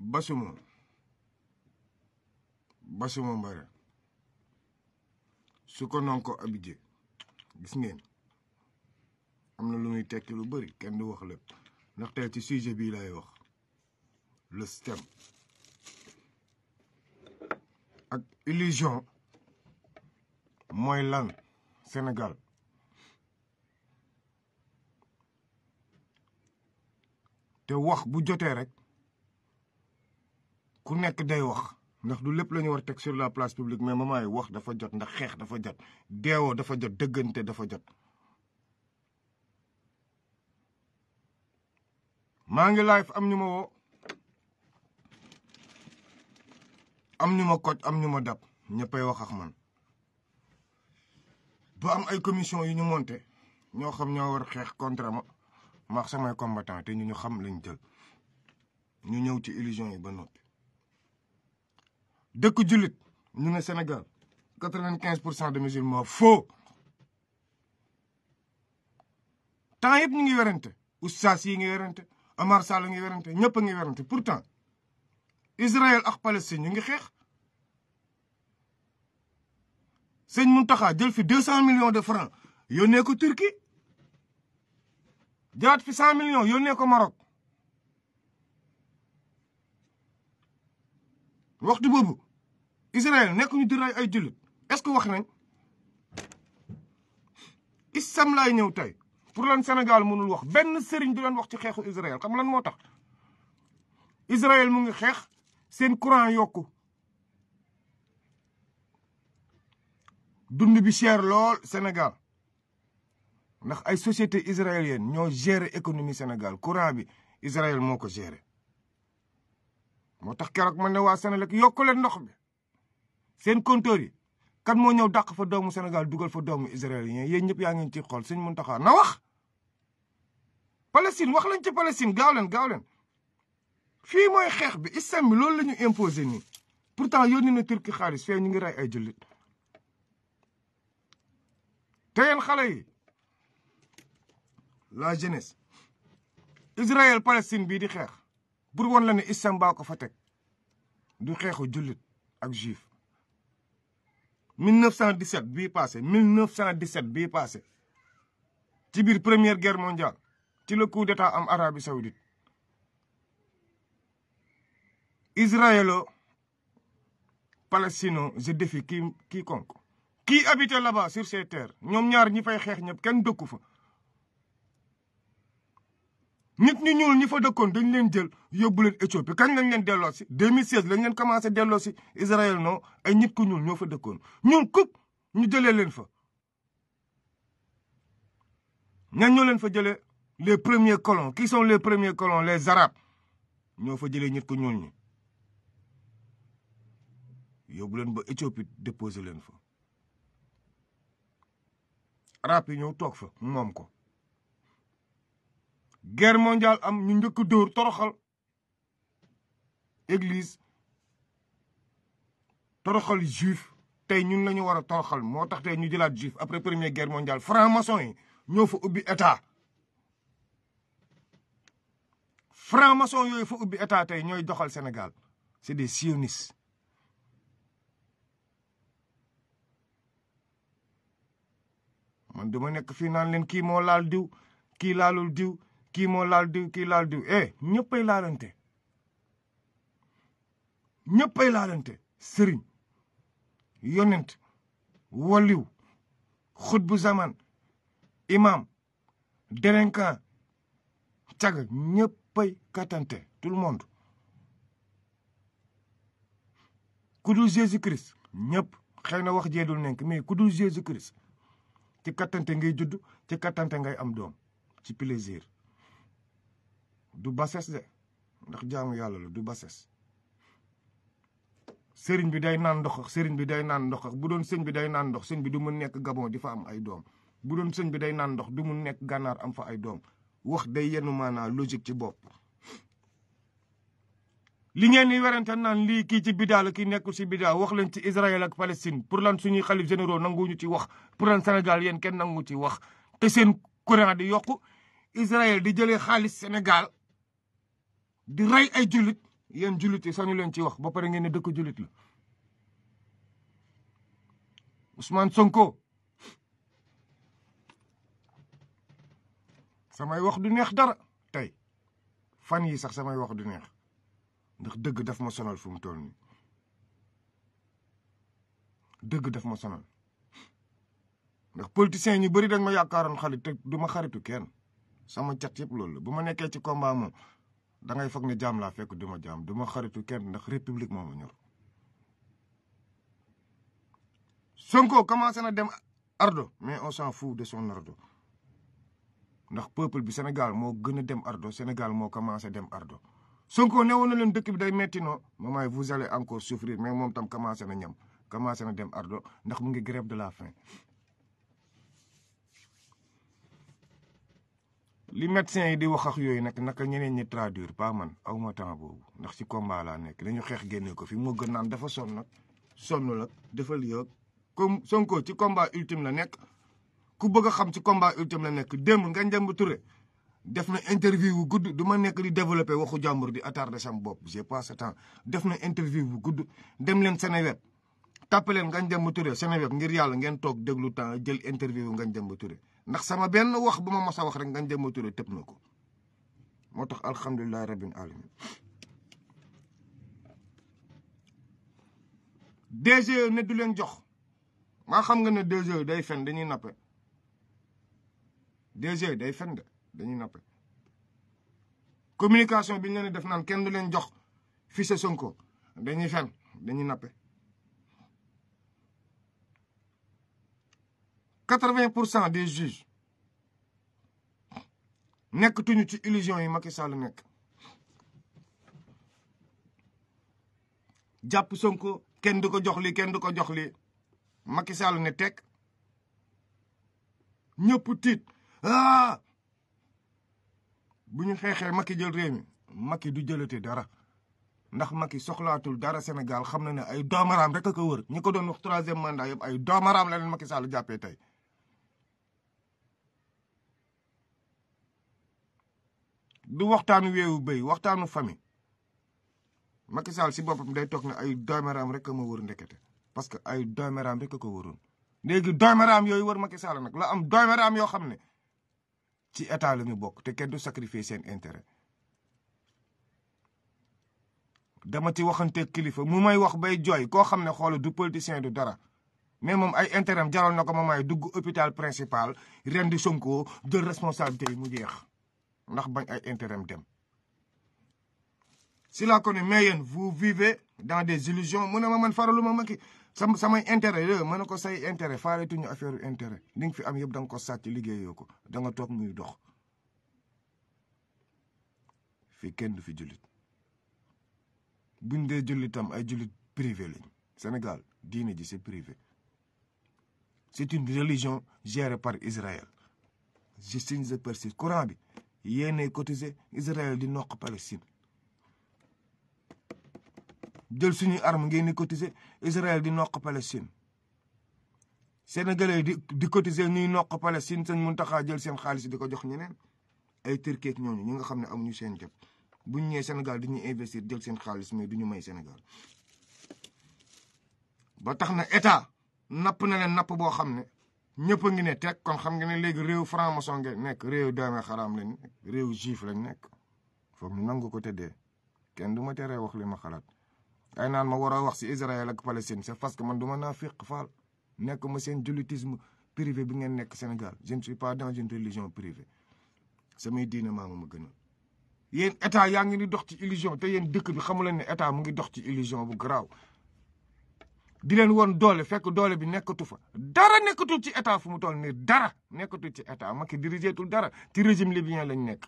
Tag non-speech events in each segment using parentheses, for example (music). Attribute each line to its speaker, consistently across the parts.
Speaker 1: Basuma Basuma Mbara su ko non ko am na lu muy tekki lu bari kenn du wax lépp ndax tey ci sujet bii lay wax le système ak illusion mooy lan Sénégal te wax bu jotee rek ku nekk day wax ndax du lépp la ñu war teg sur la place publique mais maman yi wax dafa jot ndax xeex dafa jot deewoo dafa jot dëggante dafa jot. maa ngi live am ñu ma woo am ñu ma koj am ñu ma dab ñëppay wax ak man ba am ay commission yu ñu monté ñoo xam ñoo war xeex contre ma maax samay combattant te ñu ñu xam lañ jël ñu ñëw ci illusion yi ba noppi. dëkk julit ñu ne Sénégal quatre-vingt-quinze pour cent de musulmans faux temps yëpp ñu ngi werante oustaz yi ngi werante Omar Sall ngi werante ñëpp a ngi werante pourtant Israël ak Palestine ñu ngi xeex sëñ Mountakha jël fi deux cent millions de francs yónnee ko Turquie jaat fi cent millions yónnee ko Maroc waxtu boobu Israël nekk di rey ay jullit est-ce que wax nañ islam laay ñëw tey pour lan Sénégal mënul wax benn sëriñ du leen wax ci xeexu Israël xam lan moo tax Israël mu ngi xeex seen courant yokku dund bi cher lool Sénégal ndax ay société israélienne ñoo gérer économie Sénégal courant bi israel moo ko gérer moo tax keroog man ne waa Sénégal yokku leen ndox bi seen compteur yi kan moo ñëw dàq fa doomu senegal dugal fa doomu israélien yéen ñëpp yaa ngi ci xool sëñ Muntaxa na wax Palestine wax lañ ci Palestine gaaw leen gaaw leen fii mooy xeex bi islam bi loolu la ñu imposé nii pourtant yónni na turki xaalis fee ñu ngi rey ay jullit te yéen xale yi la jeunesse Israël Palestine bii di xeex pour won la ne islam baa ko fa teg du xeexu jullit ak juif 1917 bii passé 1917 bii passé ci biir première guerre mondiale ci la coup d'état am Arabie Saoudite israélo palestino je défie ki quiconque qui habitait là-bas sur ces terres ñoom ñaar ñi fay xeex ñëpp kenn dëkku fa nit ñu ñuul ñi fa dëkkoon dañ leen jël yóbbu leen Éthiopie kañ lañ leen delloo si 2016 lañ leen commencé delloo si Israël non ay nit ñoo fa dëkkoon ñuul kuk ñu jëlee leen fa. ñan ñoo leen fa jëlee les premiers colons qui sont les premiers colons les arabes ñoo fa jëlee nit ku ñu ñi yóbbu leen ba Éthiopie déposé leen fa arabes yi ñëw fa moom ko. guerre mondiale am ñu njëkk dóor toroxal église toroxal juif tey ñun la ñu war a toroxal moo tax tey ñu jëlaat juif après première guerre mondiale franc-maçon yi ñoo fa ubbi état franc-maçon yooyu fa ubbi état tey ñooy joxal Sénégal c'est des sionistes man dama nekk fii naan leen kii moo diw kii laalul diw kii moo laal diw kii laal diw eh ñëppay laalante ñëppay laalante sëriñ yonent waliw xutbu zaman imam délinquant cag ñëppay katante tout le monde ku dul Christ ñëpp xëy na wax jeedul nekk mais ku dul Christ ci kattante ngay judd ci kattante ngay am doom ci plaisir du bases de ndax jaamu yàlla la du bases sëriñ bi day naan ndox sëriñ bi day naan ndox ak bu doon sëñ bi day naan ndox sëñ bi du mu nekk gabon di fa am ay doom bu doon sëñ bi day naan ndox du mu nekk gànnaar am fa ay doom wax day yenu maanaa logique ci bopp li ngeen di werante naan lii kii ci bidaal la kii nekkul ci bidaa wax leen ci Israël ak Palestine pour lan suñuy xalif généraux ñu ci wax pour lan Sénégal yéen kenn nangu ci wax te seen courant di yokku Israël di jëlee xaalis senegal di rey ay julit yéen jullit yi sañu leen ci wax ba pare ngeen ne dëkk jullit la Ousmane Sonko samay wax du neex dara tey fan yi sax samay wax du neex ndax dëgg daf ma sonal fu mu toll nii dëgg daf ma sonal ndax politiciens ñu bari dañ ma yaakaaroon xarit te du ma xaritu kenn sama cat yëpp loolu la bu ma nekkee ci combat moom da ngay foog ne jaam laa fekk du ma jaam duma xaritu kenn ndax république moo ma ñor Sonko commencé na dem ardo mais on s'en fout de son ardo ndax peuple bi Sénégal moo gën a dem ardo Sénégal moo commencé dem ardo Sonko newoon na leen dëkk bi day metti noo mamaay vous allez encore souffrir mais moom tam commencé na ñam commencé na dem ardo ndax mu ngi grève de la fin li médecin yi di wax ak yooyu nag naka ñeneen ñi traduire pas man awma temps boobu ndax ci combat laa nekk ñu xeex génne ko fi moo gën naan dafa sonn nag sonn la dafa lii comme Sonko ci combat ultime la nekk ku bëgg a xam ci combat ultime la nekk démb nga njëmb Touré def na interview wu gudd du ma nekk di développé waxu jàmbur di attardé sam bopp j'ai pas ce temps def na interview bu gudd dem leen Seneweb tàpp leen Ngagne Demba Touré ngir yàlla ngeen toog déglu temps jël interview Ngagne Demba Touré ndax sama benn wax bu ma mos wax rek Ngagne Demba Touré tëb na ko moo tax alhamdulilahi rabbil alamin DGE ne du leen jox maa xam nga ne DGE day fen dañuy nappe DGE day fen de dañuy nappe communication bi ñu leen def naan kenn du leen jox fii ko day dañuy fen dañuy nappe quatre-vingt pour cent des juges nekkatuñu ci illusion yi Macky Sall nekk jàpp Sonko kenn du ko jox lii kenn du ko jox lii Macky Sall ne teg ñëpp tiit ah bu ñu xeexee Macky jël réew mi Macky du jëlate dara ndax Macky soxlaatul dara Sénégal xam na ne ay doomaraam rek a ko wër ñi ko doon wax troisième mandat yëpp ay doomaraam la leen Macky Sall jàppee tey du waxtaanu weewu béy waxtaanu famille Macky si boppam day toog ne ay doomeraam rek a ma wër ndekete parce que ay doomeraam rek a ko wëroon léegi doomeraam yooyu war Macky Sall nag la am doomeraam yoo xam ne ci état la ñu bokk te kenn du sacrifier seen intérêt dama ci waxante kilifa mu may wax bay jooy koo xam ne xool du politicien du dara mais moom ay intérêt jaral na ko ma may dugg hôpital principal ren di Sonko jël responsabilité yi mu jeex ndax bañ ay intérêt dem si laa ko ne mais yéen vous dans des illusions mu ne ma man lu ma Macky sam samay intérêt yooyu mën na ko say intérêt faareetuñu affaire intérêt li nga fi am yëpp da ko sàcc liggéeyoo ko da nga toog muy dox fii kenn du fi jullit buñ dee jullitam ay jullit privé lañ Sénégal diine ji c'est privé c'est une religion gérée par Israël je signe de Perse Coran bi yéenay cotiser Israël di noq Palestine jël suñuy arme ngeen di cotiser Israël di noq Palestine sénégalais di di cotiser ñuy noq Palestine seen mun taxaa jël seen xaalis di ko jox ñeneen ay Turquie ak ñooñu ñi nga xam ne amuñu seen jot buñ ñëwee Sénégal di ñu investir jël seen xaalis mais du ñu may Sénégal ba tax état napp na napp boo xam ne ñëpp a ngi ne tek kon xam nga ne léegi réew franc-maçon ngeen nekk réew daana xaraam lañ nekk réew juif lañ nekk foog ñu nangu ko tëddee kenn du ma teree wax li ma xalaat ay naan ma war a wax si Israël ak Palestine c'est parce que man du ma naa fiq faal nekk ma seen jullitisme privé bi ngeen nekk Sénégal je ne suis pas dans une religion privée samay diine maa ma gënal yéen état yaa ngi di dox ci illusion te yéen dëkk bi xamu leen ne état mu ngi dox ci illusion bu garaaw di leen won doole fekk doole bi nekkatu fa dara nekkatul ci état fu mu toll nii dara nekkatul ci état Macky dirigeetul dara ci régime libyen nekk.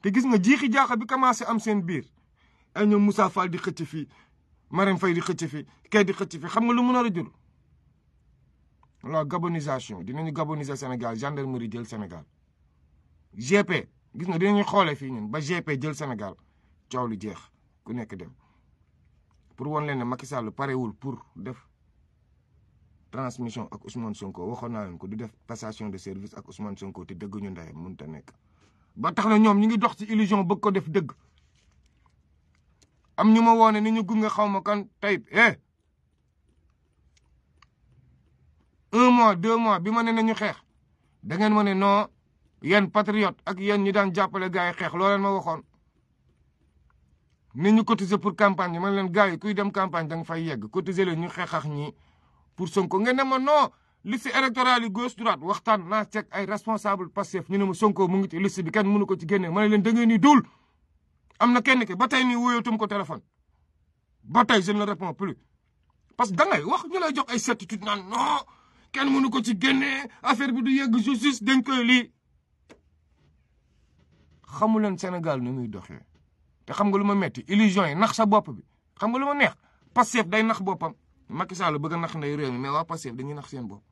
Speaker 1: te gis nga jiixi jaaxa bi commencé am seen biir ay ñoom Moussa di xëcc fii Marème Faye di xëcc fii kay di xëcc fii xam nga lu mu nar a jur. la gabonisation dinañu gaboniser Sénégal gendarmerie jël senegal GP gis nga dinañu xoolee fii ñun ba GP jël Sénégal coow lu jeex ku nekk dem. pour won leen ne Macky Sall parewul pour def transmission ak Ousmane Sonko waxoon naa leen ko du def passation de service ak Ousmane Sonko te dëgguñu ndaye mënut a nekk. ba tax na ñoom ñu ngi dox ci illusion bëgg ko def dëgg am ñu ma woone ni ñu gunge xaw ma kan tayib eh un mois deux mois bi ma ne nañu xeex da ngeen ma ne noo yan patriote ak yéen ñi daan jàppale gars yi xeex ma waxoon. ne ñu cotiser pour campagne bi man leen gars yi kuy dem campagne danga fay yegg cotiser leen ñu xeexax ñi pour Sonko ngeen ne ma non liste électorale yi gauche droite waxtaan naa ceeg ay responsable Pastef ñu ne ma Sonko mu ngi ci liste bi kenn mënu ko ci génne ma ne leen da ngeen ni dul am na kenn ki ba tey nii wóyootum ko téléphone ba tey je ne réponds plus parce que da ngay wax ñu lay jox ay certitude na non kenn mënu ko ci génne affaire bi du yegg justice dañ koy lii xamu leen Sénégal nu muy doxee te xam nga lu ma metti illusion yi nax sa bopp bi xam nga lu ma neex Pastef day nax boppam Macky Sall bëgg a nax ndey réew mi mais waa Pastef dañuy nax seen bopp.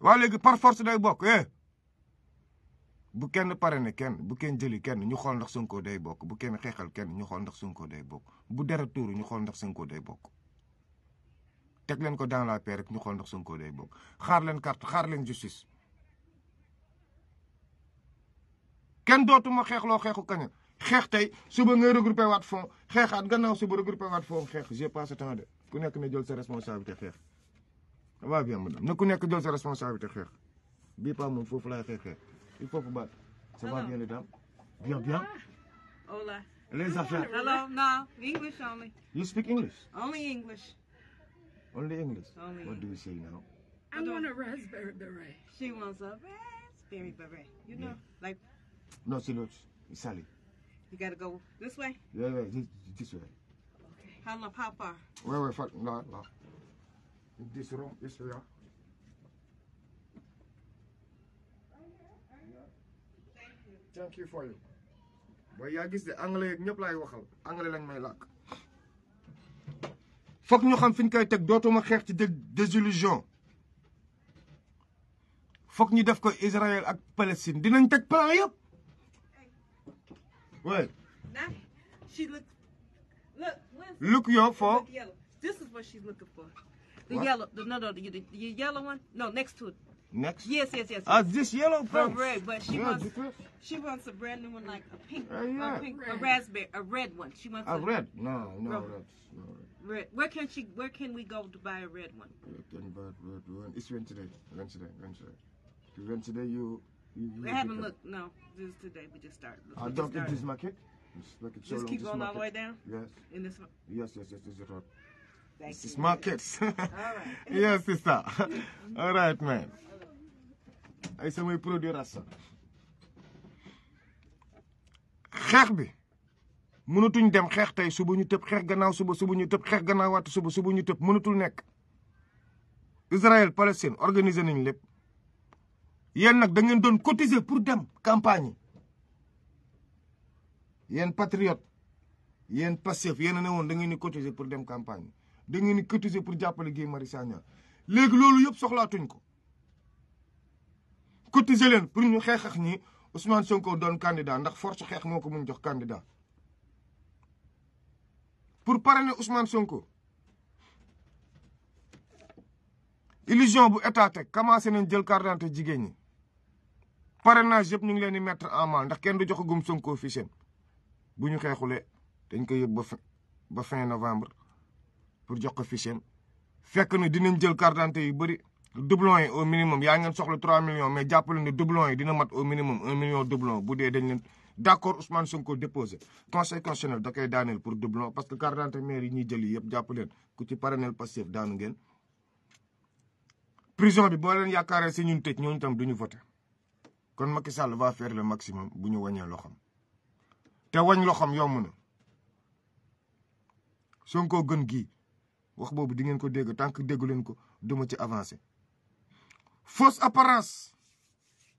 Speaker 1: waa léegi par force day bokk eh bu kenn pare ne kenn bu kenn jëli kenn ñu xool ndax Sonko day bokk bu kenn xeexal kenn ñu xool ndax Sonko day bokk bu dara tuuru ñu xool ndax Sonko day bokk. teg leen ko dans la paix rek ñu xool ndax Sonko day bokk xaar leen carte xaar leen justice. kenn dootuma xeexloo xeexu kaña xeex tey suba ngay regroupé waat fond xeexaat gannaaw suba regroupé waat fond xeex j'ai pas ce de ku nekk ne jël sa responsabilité xeex. va bien ku nekk jël sa responsabilité xeex bii pas moom foofu laay xeex xeex il faut que ba ça va bien les a bien bien. Ah, hola. les ah, affaires. hello no English only. you speak English. a a No, see, look, it's Sally. You gotta go this way? Yeah, yeah, this, yaa gis de anglais yeeg ñëpp laay waxal anglais lañ may làkk foog ñu xam fi ñu koy teg dootuma xeex ci désillusion foog ñu def ko Israël ak Palestine dinañ teg plan yëpp What? Now she look. Look. Look your for. Yellow. This is what she's looking for. The what? yellow. The, no, no, the, the, the, yellow one. No, next to it. Next. Yes, yes, yes. Ah, yes. Uh, this yellow from red, but she yeah, wants different. she wants a brand new one like a pink, uh, yeah. a, pink a raspberry, a red one. She wants a, a red. No, no, red. that's no red. red. Where can she? Where can we go to buy a red one? Where can buy red one? It's rent today. Rent today. Rent today. Rent today. You You, you I haven't looked. No, just today we Yes. In this one. ay samay produit rasta xeex bi mënatuñ dem xeex tey suba ñu tëb xeex gannaaw suba suba ñu tëb xeex gannaaw waatu suba suba ñu tëb mënatul nekk Israël Palestine organiser nañ lépp yéen nag da ngeen doon cotiser pour dem campagne yi yéen patriote yéen Pastef a newoon woon da ngeen di cotiser pour dem campagne da ngeen di cotiser pour jàppale Guy Marius Sagna léegi loolu yëpp soxlaatuñu ko cotiser leen pour ñu xeex ak ñi Ousmane Sonko doon candidat ndax force xeex moo ko mun jox candidat pour parrainer Ousmane Sonko illusion bu état teg commencé jël carte jigéen ñi parrainage yëpp ñu ngi leen di mettre en mal ndax kenn du jox gum Sonko fi seen bu ñu xeexulee dañ ko yëpp ba fin ba fin novembre pour jox ko fi seen fekk na dinañ jël carte d'identité yu bëri doublon yi au minimum yaa ngeen soxla 3 millions mais jàppale ne doublon yi dina mat au minimum 1 million doublon bu dee dañ leen d' accord Ousmane déposé conseil constitutionnel da koy daaneel pour doublon parce que carte d'identité maire yi ñuy jël yi yëpp jàpp leen ku ci parrainel Pastef daanu ngeen prison bi boo leen yaakaaree si ñun tëj ñooñu tam duñu voté kon Macky Sall va faire le maximum bu ñu wàññee loxoom te wañ loxoom yomb na Sonko gën gii wax boobu di ko dégg tant que leen ko duma ci avancé fausse apparence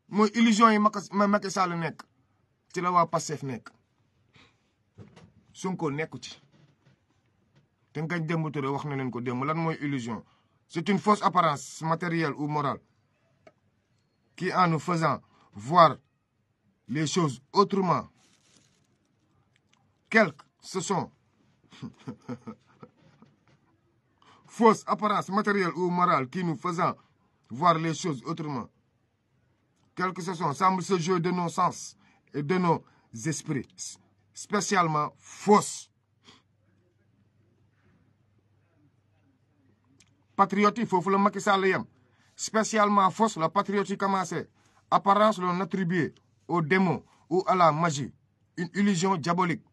Speaker 1: mooy illusion yi ma Macky Sall nekk ci la waa Pastef nekk Sonko nekku ci te ngañ démb Touré wax na leen ko démb lan mooy illusion c'est une fausse apparence matérielle ou moral qui en nous voir les choses autrement. Quelques, ce sont (laughs) fausses apparences matérielles ou morales qui nous voir les choses autrement. Quelles que ce soit, semble ce jeu de nos sens de nos esprits, spécialement fausses. Patriotique, il faut le Macky Sall yam. Spécialement fausse, la patriotique commencé. apparence l'on attribuait aux démons ou à la magie une illusion diabolique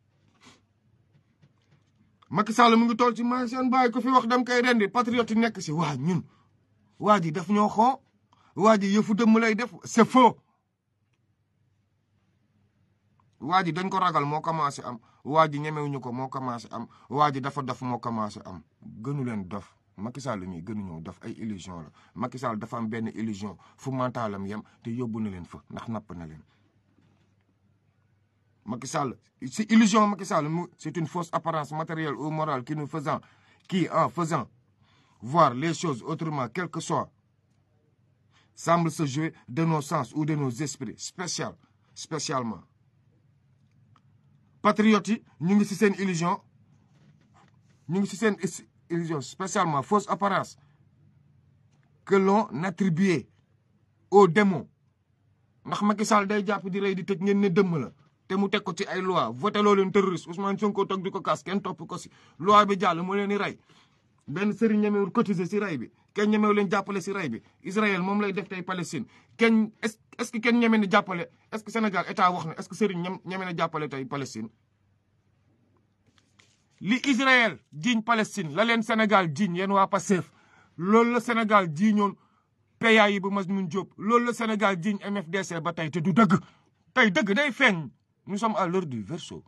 Speaker 1: Macky Sall mu ngi tool ci ma seen bàyyi ko fi wax dem koy rendi patriote yi nekk si waa ñun waa ji daf ñoo xoo waa ji yëfu dëmm lay def c'est waa ji dañ ko ragal moo commencé am waa ji ñemewuñu ko moo commencé am waa ji dafa dof moo commencé am gënu leen dof Macky Sall mi gënuñoo def ay illusion la Macky Sall dafa am benn illusion fu mentalam yem te yóbbu na leen fa ndax napp na leen. Macky Sall si illusion Macky Sall mu c' est une fausse apparence matérielle ou morale qui nous faisant qui en faisant voir les choses autrement quelque que soit semble se jouer de nos sens ou de nos esprits spécial spécialement. patriotes yi ñu ngi si seen illusion ñu seen illusion, spécialement fausse apparence, que l'on attribuait aux démons. ndax Macky Sall day jàpp di rey di tëj ngeen ne dëmm la te mu teg ko ci ay loi voté loo leen terroriste Ousmane Sonko di ko kaas kenn topp ko si loi bi jàll moo leen di rey benn sëriñ ñemewul cotiser si rey bi kenn ñemewu leen jàppale si rey bi Israël moom lay def tey Palestine kenn est ce que na jàppale est ce que Sénégal état wax na est ce que sëriñ ñem li Israël jiiñ Palestine la leen senegal jiiñ yéen waa Pastef loolu la senegal jiiñoon PAI yi bu Majhemout Diop loolu la Sénégal jiiñ MFDC ba tey te du dëgg tey dëgg day feeñ nous som à l'heure du verseau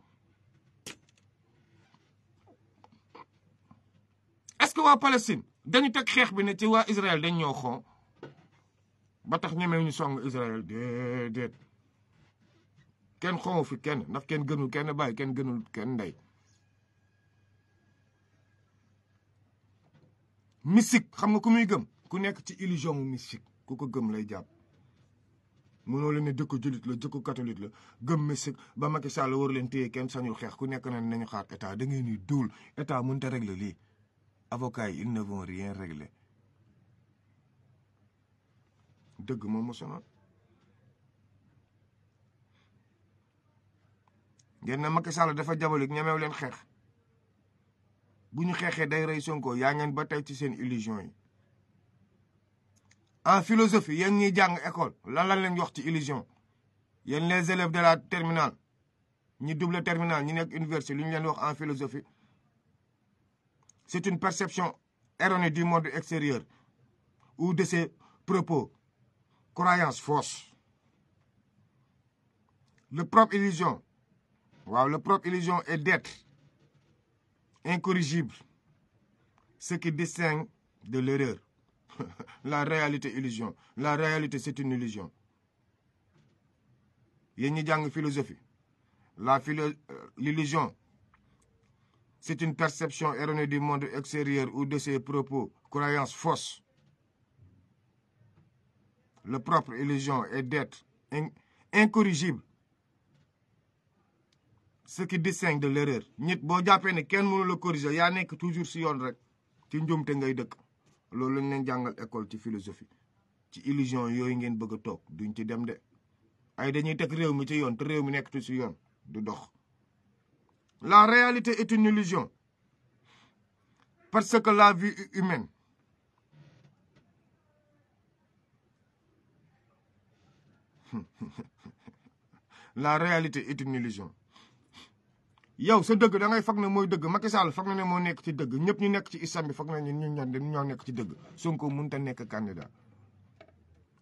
Speaker 1: est-ce que waa Palestine dañu teg xeex bi ne ci waa Israël dañ ñoo xoo ba tax ñemee ñu song Israël déedéet kenn xoowu fi kenn ndax kenn gënul kenn bàyyi kenn gënul kenn ndey mystique xam nga ku muy gëm ku nekk ci illusion mu mystique ku ko gëm lay jàpp mënoo leen ne dëkk julit la dëkk la gëm mystique ba mak Sall war leen ken kenn sañul xeex ku nekk na nañu xaar état da ngeen ni duul état mënut a régler lii avocats yi ils ne vont rien dëgg moom ma sonal ngeen ne Macky Sall dafa jabalig ñemew leen xeex bu ñu xeexee day rey Sonko yaa ngeen ba tey ci seen illusion yi en philosophie yéen ngi jàng école lan lañ leen wax ci illusion yéen les élèves de la terminale ñu double terminale ñi nekk université lu ñu leen wax en philosophie c'est une perception erronée du monde extérieur ou de ses propos croyances fausses le propre illusion waaw le propre illusion est d'être incorrigible, ce qui distingue de l'erreur. (laughs) la réalité illusion la réalité c'est une illusion yéen ñi jàng philosophie la philo euh, l'illusion c'est une perception erronée du monde extérieur ou de ses propos croyances fausses le propre illusion est d'être incorrigible ce qui distingue de l'erreur nit boo jàppee ne kenn mënu la corriger yaa nekk toujours si yoon rek ci njuumte ngay dëkk loolu lañ leen jàngal école ci philosophie ci illusion yooyu ngeen bëgg a toog duñ ci dem de ay dañuy teg réew mi ci yoon te réew mi nekk tu si yoon du dox la réalité est une parce que la vie humaine (laughs) la réalité est une yow sa dëgg da ngay fag ne mooy dëgg Macky Sall fag na ne moo nekk ci dëgg ñëpp ñu nekk ci islam bi fag na ne ñun ñoo nekk ci dëgg Sonko mënut a nekk candidat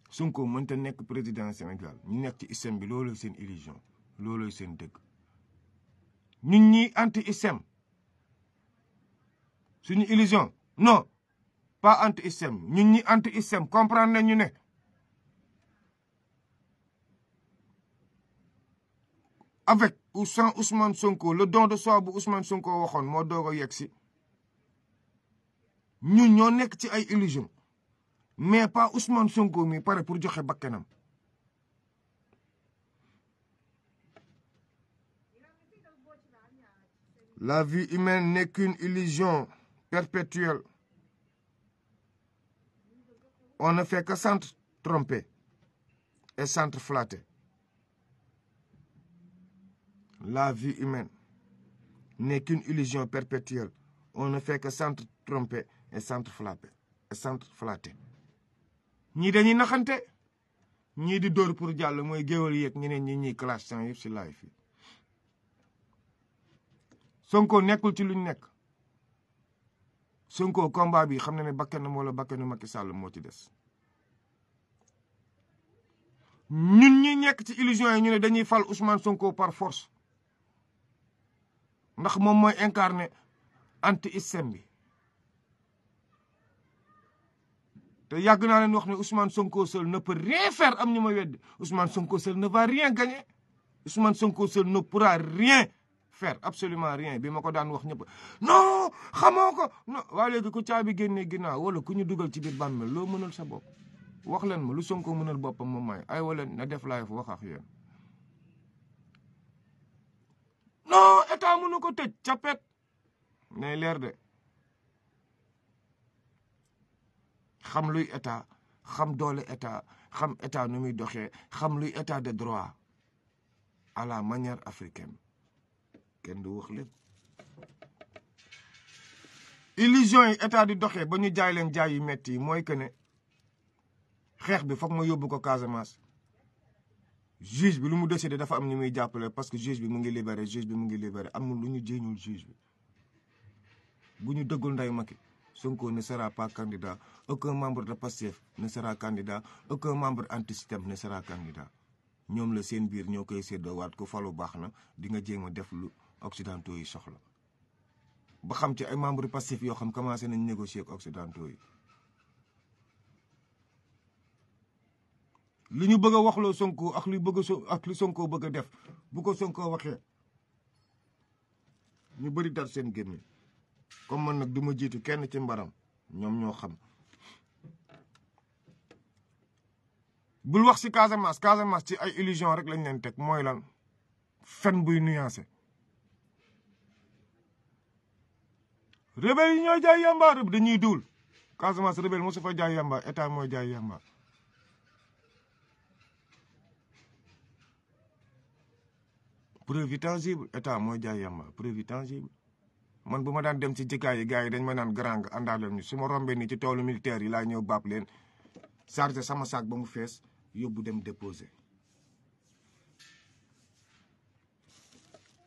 Speaker 1: Sonko mënut a nekk président Sénégal ñu nekk ci islam bi loolo seen illusion loolooy seen dëgg ñun ñi anti islam suñu illusion non pas anti islam ñun ñi anti islam comprendre nañu ne. avec ou sans Ousmane Sonko la don de soi bu Ousmane Sonko waxoon moo doog a yegg si ñun ñoo nekk ci ay illusion mais pas Ousmane Sonko mi pare pour joxe bakkanam la vie humaine n'est qu'une illusion perpétuelle on ne fait que s'entre-tromper et s'entre-flatter la vie humaine n'est qu'une illusion perpétuelle. On ne fait que s'entre-tromper et s'entre-flapper et sentre ñii dañuy naxante ñii di dóor pour jàll mooy géwél yeeg ñeneen ñi ñuy clash sans yëpp si laay fii Sonko nekkul ci luñ nekk Sonko combat bi xam na ne bakkanam wala bakkanu Macky Sall moo ci des. ñun ñi nekk ci illusion yi ñu ne dañuy fal Ousmane Sonko par force. ndax moom mooy incarné anti système bi te yàgg naa leen wax ne Ousmane Sonko seul ne peut rien faire am ñu ma weddi Ousmane Sonko seul ne va rien gagner Sonko seul ne rien faire absolument rien bi ma ko daan wax ñëpp non xamoo ko non waa léegi ku caabi génnee ginnaaw wala ku ñu dugal ci biir bàmmeel loo mënal sa bopp wax leen ma lu Sonko mënal boppam moom may ay waleen na def laay wax ak non état mënu ko tëj capet nay leer de xam luy état xam doole état xam état nu muy doxee xam luy état de droit à la manière africaine kenn du wax lépp illusion yi état di doxee ba ñu jaay leen jaay yu metti yi mooy que ne xeex bi foog ma yóbbu ko Casamance juge bi lu mu décidé dafa am ñu muy jàppale parce que juge bi mu ngi libéré juge bi mu ngi libéré amul lu ñu jéeñul juge bi bu ñu dëggul nday Macky Sonko ne sera pas candidat aucun membre de Pastef ne sera candidat aucun membre antisystème ne sera ñoom la seen biir ñoo koy séddoowaat ku falu baax na di nga jéem def lu occidentaux yi soxla ba xam ci ay membre Pastef yoo xam commencé nañ négocier ak occidentaux yi li ñu bëgg a waxloo Sonko ak li bëgg a ak li Sonko bëgg a def bu ko Sonko waxee ñu bëri tar seen gémmiñ comme man nag du ma jiitu kenn ci mbaram ñoom ñoo xam. bul wax si Casamance Casamance ci ay illusion rek lañ leen teg mooy lan fen buy nuancé. rebelle yi ñoo jaay yamba dañuy duul Casamance rebelle mosu fa jaay yamba état mooy jaay yamba. preuve yi tangible état mooy jaay yamba preuve yi tangible man bu ma daan dem ci jëkkaay yi gars yi dañ ma naan garang nga àndaaleel ñu suma ma rombee nii ci toolu militaire yi laa ñëw baab leen chargé sama saak ba mu fees yóbbu dem déposé.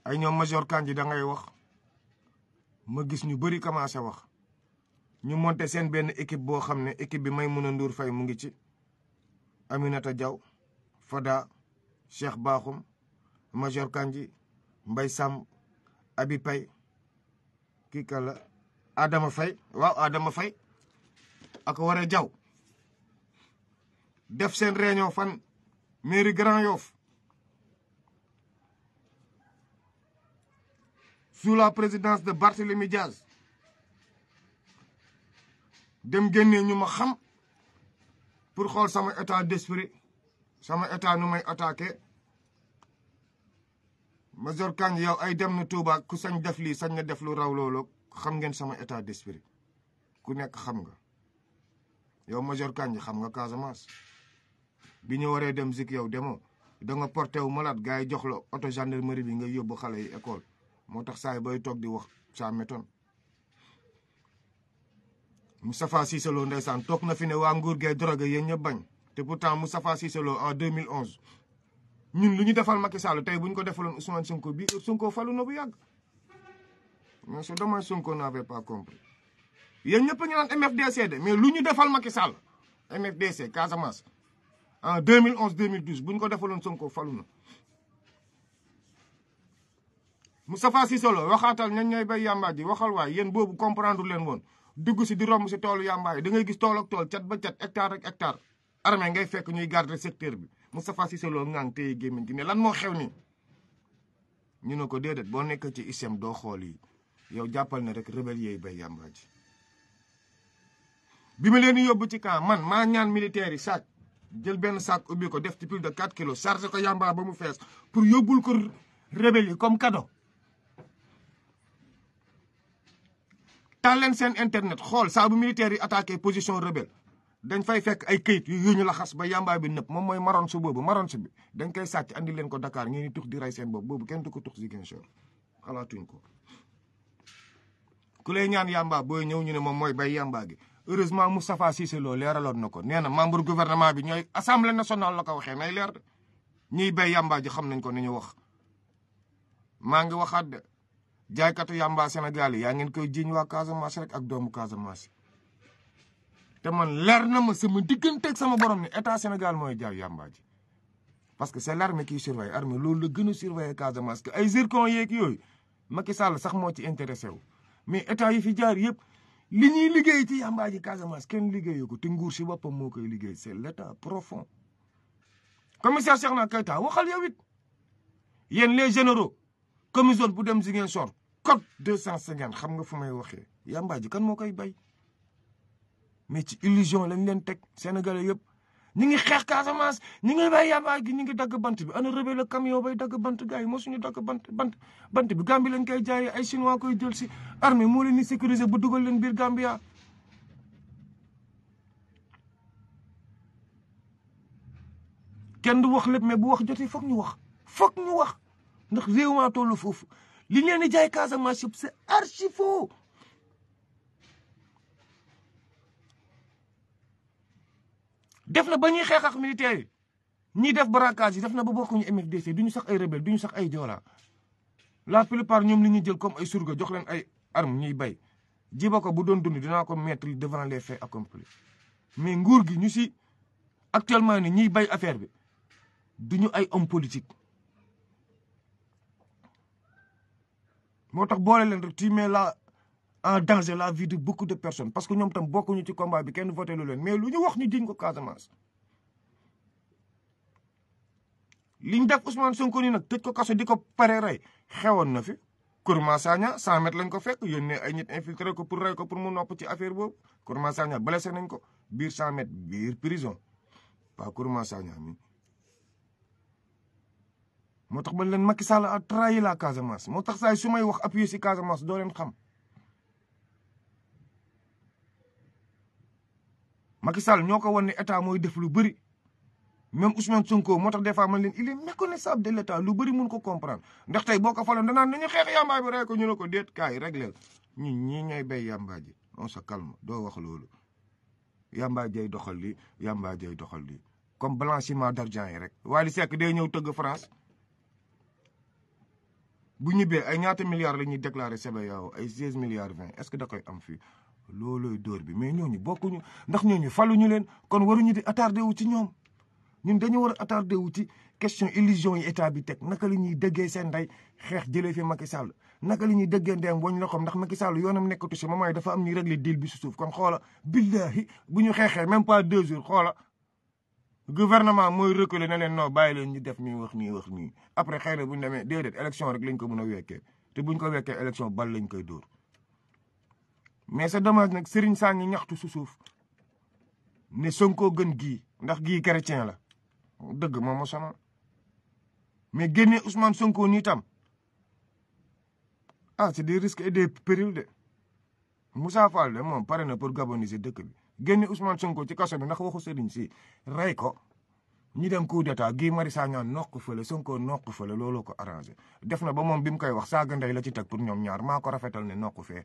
Speaker 1: ay ñoom major Kandji dangay wax ma gis ñu bëri commencé wax ñu monté seen benn équipe boo xam ne équipe bi Maimouna Ndour fay mu ngi ci Aminata Diaw Fada Cheikh baaxum major Kanji Mbay Samb Abi Pay kii kala Adama fay waaw Adama fay ak Waré Jaw def seen réunion fan mairie Grand Yoff sous la présidence de Barthélémy Diaz dem génnee ñu ma xam pour xool sama état d'esprit sama état nu may attaqué major Kandji yow ay dem na tuubaa ku sañ def lii sañ na def lu raw loolu xam ngeen sama état d'esprit ku nekk xam nga yow major Kandji xam nga Casamance bi ñu waree dem zik yow demoo da nga porté wu malade gars yi jox la oto gendarmerie bi nga yóbbu xale yi école moo tax saa yi bay toog di wax ça m'étonne Moustapha Cissé Lo ndeysaan toog na fi ne waa nguur gee drogue yéen ñëpp bañ te pourtant Moustapha Cissé Lo en 2011 ñun lu ñu defal Macky Sall tey bu ñu ko defaloon Ousmane Sonko bi Sonko falu na bu yàgg mais c'est dommage Sonko n'avait pas compris yéen ñëpp ñu naan MFDC de mais lu ñu defal Macky Sall MFDC Casamance en 2011 2012 bu ñu ko defaloon Sonko falu na. Moustapha Cissé Lo waxaatal ñan ñooy bay yàmbaa ji waxal waa yéen boobu comprendre leen woon dugg si di romb si toolu yàmbaa yi da ngay gis tool ak cat ba cat hectare ak hectare armée ngay fekk ñuy garder secteur bi. Moustapha Cissé Lo ngang téye gémmiñ gi ne lan moo xew ni ñu ne ko déedéet boo nekk ci ISEM doo xool yi yow jàppal na rek rebelle yeey bay yàmbaa bi mu leen yóbbu ci camp man maa ñaan militaire yi sac jël benn sac ubbi ko def ci plus de 4 kilos chargé ko yàmbaa ba mu fees pour yóbbul ko rebelle yi comme kado taal leen seen internet xool saa bu militaire yi attaqué position rebelle dañ fay fekk ay këyit yu ñu laxas ba yàmbaay bi nëpp moom mooy maron su boobu maron su bi dañ koy sàcc andi leen ko Dakar ngeen di tux di rey seen bopp boobu kenn du ko tux Ziguinchor xalaatuñ ko ku lay ñaan yàmbaa booy ñëw ñu ne moom mooy bay yàmbaa gi heureusement Moustapha Cissé Lo leeraloon na ko nee na membre gouvernement bi ñooy assemblée nationale la ko waxee nay leer de ñiy bay yàmbaa ji xam nañ ko ni ñu wax maa ngi waxaat de jaaykatu yàmbaa Sénégal yi yaa ngeen koy jiñ waa Casamance rek ak doomu Casamance te man leer na ma sama digganteeg sama borom mi état Sénégal mooy jaay yàmbaa ji parce que c' est l' armée qui surveille armée loolu la gën a surveiller Casamance que ay zircon yeeg yooyu Macky Sall sax moo ci intéressé wu. mais état yi fi jaar yëpp li ñuy liggéey ci yàmbaa ji Casamance kenn liggéey ko ti nguur si boppam moo koy liggéey c' est l' état profond. commissaire Cheikhna Keita waxal yow it yéen les généraux commission bu dem Ziguinchor code 250 xam nga fu may waxee yàmbaa ji kan moo koy bay. mais ci illusion lañ leen teg sénégalais yëpp ñi ngi xeex Casamance ñi ngi bay yàmbaay gi ñi ngi dagg bant bi ana rëbe la camion bay dagg bant gars yi moo suñu dagg bant bant bant bi Gambie lañ koy jaayee ay chinois koy jël si armée moo leen di sécuriser bu dugal leen biir Gambia kenn du wax lépp mais bu wax joti foog ñu wax foog ñu wax ndax réew maa toll foofu li ñu leen di jaay Casamance yëpp archi faux def na ba ñuy xeex ak militaire yi def braquage yi def na ba bokkuñu MFDC ñu sax ay rebelle duñu sax ay joola la plupart ñoom li ñu jël comme ay surga jox leen ay arme ñuy bay jiba ko bu doon dund dinaa ko mettre devant les faits accomplis mais nguur gi ñu si actuellement ni ñiy bay affaire bi duñu ay homme politique moo tax boole leen rek tu la en danger la vie de beaucoup de personnes parce que ñoom tam bokkuñu ci combat bi kenn voté lu leen mais lu ñu wax ñu jiñ ko Casamance. liñ def Ousmane Sonko nii nag tëj ko kaso di ko pare rey xewoon na fi Kourma Sagna 100 mètres lañ ko fekk yónnee ay nit infiltré ko pour rey ko pour mu nopp ci affaire boobu Kourma Sagna blessé nañ ko biir 100 biir prison waaw Kourma mi moo tax ba leen Macky Sall a trahi la Casamance moo tax saay su may wax appuyé si Casamance doo leen xam. Macky Sall ñoo ko wan ne état mooy def lu bëri même Ousmane Sonko moo tax des fois man leen il est méconnaissable de l' état lu bëri mun ko comprendre ndax tey boo ko faloon danaan nañu xeex yàmbaay bi rey ko ñu ne ko déet kaay régleel ñun ñii ñooy béy yàmbaay ji on se calme doo wax loolu yàmbaay jay doxal li yàmbaay jay doxal li comme blanchiment d' argent yi rek Wally Seck day ñëw tëgg France bu ñibbee ay ñaata milliards la ñuy déclaré CBAO ay 16 milliards 20 est ce que da koy am fii loolooy dóor bi mais ñooñu bokkuñu ndax ñooñu faluñu leen kon waruñu di attardé wu ci ñoom ñun dañu war a wuti wu ci question illusion yi état bi teg naka la ñuy dëggee seen ndey xeex jëlee fi Macky Sall naka la ñuy dëggee ndeyam wañ la xam ndax Macky Sall yoonam nekkatu si moment dafa am ñuy réglé deal bi si suuf kon xoola billahi bu ñu xeexee même pas deux jours xoola gouvernement mooy reculer na leen non bàyyi leen ñu def ñuy wax nii wax nii après xëy na bu ñu demee déedéet élection rek lañ ko mën a wekkee te buñ ko wekkee élection bal lañ koy dóor mais c'est dommage nag sëriñ saa ngi ñaxtu su suuf ne sonkoo gën gii ndax gii chrétien la dëgg moom ma sonal mais génne Ousmane Sonko nii tam ah c'est des risques et des périls de Moussa Fall de moom pare na pour gaboniser dëkk bi génne Ousmane Sonko ci kaso bi ndax waxu sëriñ si rey ko ñi dem coup d'état gii mari sagnaan noq fële Sonko noq fële looloo ko arrangé def na ba moom bi mu koy wax saaga la ci teg pour ñoom ñaar maa ko rafetal ne noq fee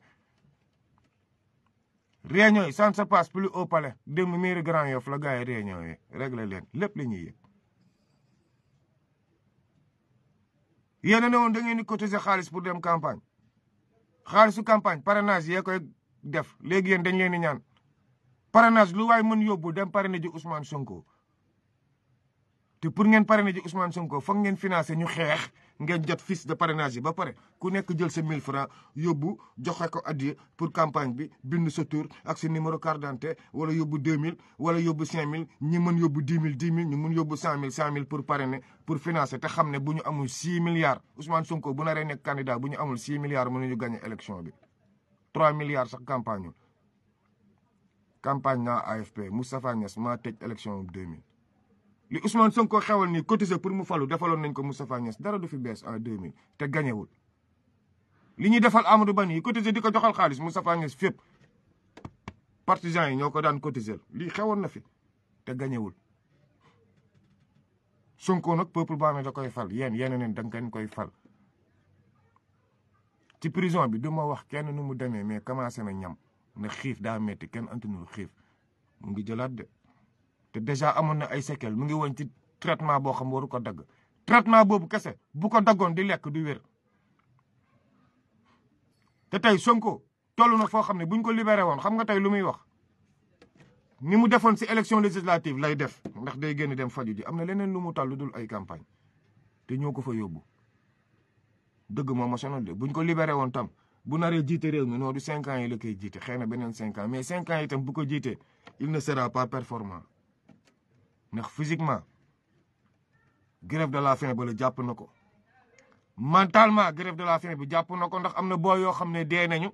Speaker 1: réunion yi ça ne se passe plus au palais démb mairie Grand Yoff la gars yi réunion yi leen lépp li ñuy yëg yéen a ne da ngeen di cotiser xaalis pour dem campagne xaalisu campagne parrainage yee koy def léegi yéen dañ leen di ñaan parenage lu waay mën yóbbu dem parrainer ji Ousmane Sonko te pour ngeen parrainer ji Ousmane Sonko foog ngeen financer ñu xeex ngeen jot fiche de parrainage yi ba pare ku nekk jël sa 1000 francs yóbbu joxe ko addiye pour campagne bi bind sa tur ak sa numéro carte d'identité wala yóbbu 2000 wala yóbbu 5000 ñi mën yóbbu 10 mille 10 000 ñu mën yóbbu 100 000 100 000 pour parrainer pour financer te xam ne bu ñu amul 6 milliards Ousmane Sonko bu naree nekk candidat bu ñu amul 6 milliards mënuñu gagné élection bi 3 milliards sax campagne campagne naa AFP Moustapha Niass maa tëj élection 2000. li Ousmane Sonko xewal nii cotiser pour mu falu defaloon nañ ko Moustapha Niass dara du fi bees en 2000 te gañewul li ñuy defal Amadou Ba nii cotiser di ko joxal xaalis Moustapha Niass fépp partisans yi ñoo ko daan cotiser lii xewoon na fi te gañewul Sonko nag peuple baa ne da koy fal yéen yeneen neen da ngeen koy fal ci prison bi du ma wax kenn nu mu demee mais commencé na ñam na xiif daa metti kenn antunul xiif mu ngi jëlaat de te déjà amoon na ay séquelles mu ngi woon ci traitement boo xam waru ko dagg traitement boobu kese bu ko daggoon di lekk du wér te tey Sonko toll na foo xam ne buñ ko libéré woon xam nga tey lu muy wax ni mu defoon si élection législative lay def ndax day génn dem faju ji am na leneen lu mu tàll dul ay campagne te ñoo ko fa yóbbu dëgg moo ma sonal de buñ ko libéré woon tam bu naree jiite réew mi non du cinq ans yi la koy jiite xëy na beneen cinq ans mais cinq yi tam bu ko jiitee il ne sera pas performant ndax physiquement grève de la faim ba la jàpp na ko mentalement grève de la faim bi jàpp na ko ndax am na boo yoo xam ne dee nañu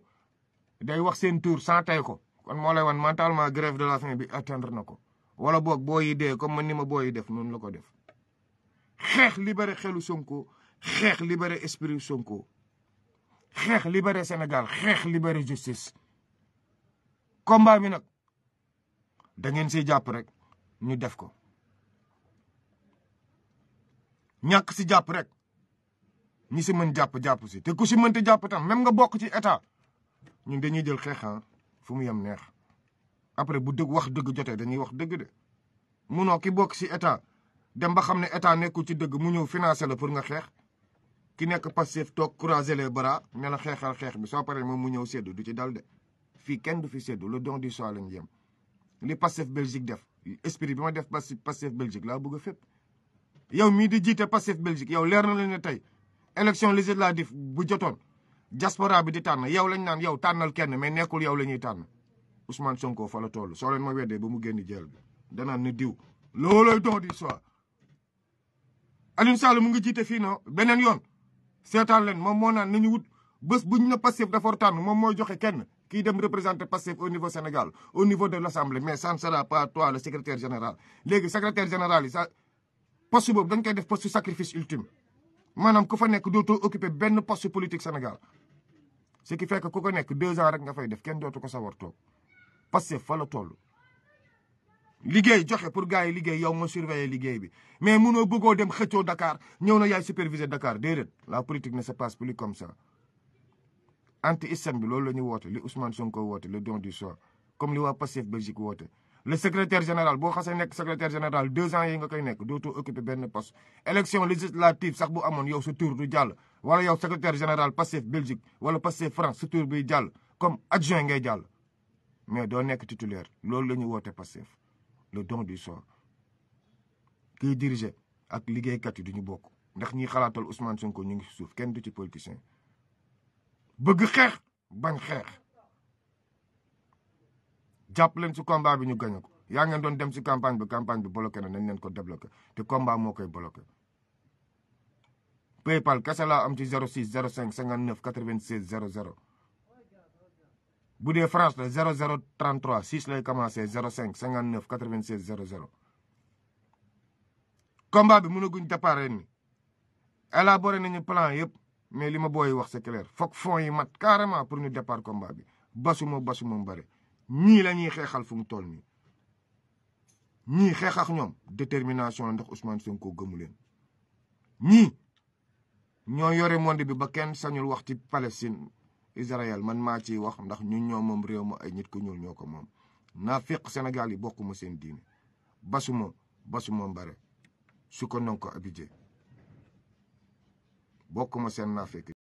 Speaker 1: day wax seen tour sans tey ko kon moo lay wan mentalement grève de la faim bi atteindre na ko wala boog boo yi dee comme man ni ma boo yi def noonu la ko def xeex libéré xelu Sonko xeex libéré esprit Sonko xeex libéré Sénégal xeex libéré justice combat bi nag da ngeen siy jàpp rek ñu def ko ñàkk si jàpp rek ñi si mën jàpp jàpp si te ku si mënti jàpp tam même nga bokk ci état ñun dañuy jël xeexan ah, fu mu yem neex après bu dëgg wax dëgg jotee dañuy wax dëgg de munoo ki bokk si état dem ba xam ne état nekkul ci dëgg mu ñëw financé la pour nga xeex ki nekk passif toog croiser bara bras ne la xeexal xeex bi soo paree moom mu ñëw seddu du ci dal de fii kenn du fi seddu le don du soi lañ yem li passif Belgique def esprit bi ma def passif Belgique laa bëgg a fépp yow mii di jiite Pastef Belgique yow leer na la ne tey élection législative bu jotoon diaspora bi di tànn yow lañ naan yow tànnal kenn mais nekkul yow la ñuy tànn Ousmane Sonko fa la toll soo leen ma weddee ba mu génn jeel bi danaan ne diw loolooy dox di soit Alioune Sall mu gi jiite fii beneen yoon seetaan leen moom moo naan nañu wut bés buñ na Pastef dafa tànn moom mooy joxe kenn kii dem représenter Pastef au niveau Sénégal au niveau général léegi secrétaire poste boobu dañ koy def poste sacrifice ultime maanam ko fa nekk dootoo occupé benn poste politique senegal ce qui fait que ku ko nekk deux ans rek nga fay def kenn dootu ko sawar toog parce que fa la toll. liggéey joxe pour gars yi liggéey yow nga surveiller liggéey bi mais munoo bëggoo dem xëccoo Dakar ñëw na yaay superviser Dakar déedéet la politique ne se passe plus comme ça. anti système bi loolu la ñu woote li Ousmane Sonko woote le don du soi comme li waa Pastef le secrétaire général boo xasee nekk secrétaire général deux ans yi nga koy nekk dootoo occupé benn poste élection législative sax bu amoon yow sa tour du jàll wala yow secrétaire général Pastef Belgique wala Pastef France sa tour buy jàll comme adjoint ngay jàll mais doo nekk titulaire loolu la ñuy woote Pastef le don du sort kiy diriger ak liggéeykat yi duñu bokk ndax ñiy xalaatal Ousmane ko ñu ngi ci suuf kenn du ci politicien bëgg xeex bañ xeex jàpp leen ci bi ñu gagné ko yaa ngeen doon dem ci campagne bi campagne bi bloqué na nañ ko débloqué te combat moo koy bloqué. Paypal kese laa am ci 06 05 59 96 00 bu dee France la 00 33 6 lay commencé 05 59 96 00. combat bi mënaguñ départ ni élaboré nañu plan yëpp mais li ma booy wax c'est clair foog fonds yi mat carrément pour ñu départ combat bi basu moo basu moom bëri. ñii la ñuy xeexal fu mu toll nii ñii xeex ñoom détermination la ndax Ousmane Sonko gëmu leen ñii ñoo yore monde bi ba kenn sañul wax ci Palestine Israël man maa ci wax ndax ñu ñoo moom réew ma ay nit ku ñuul ñoo ko moom naafiq Sénégal yi bokkuma seen diine basuma basuma mbare su ko non ko abidje bokkuma seen naafiq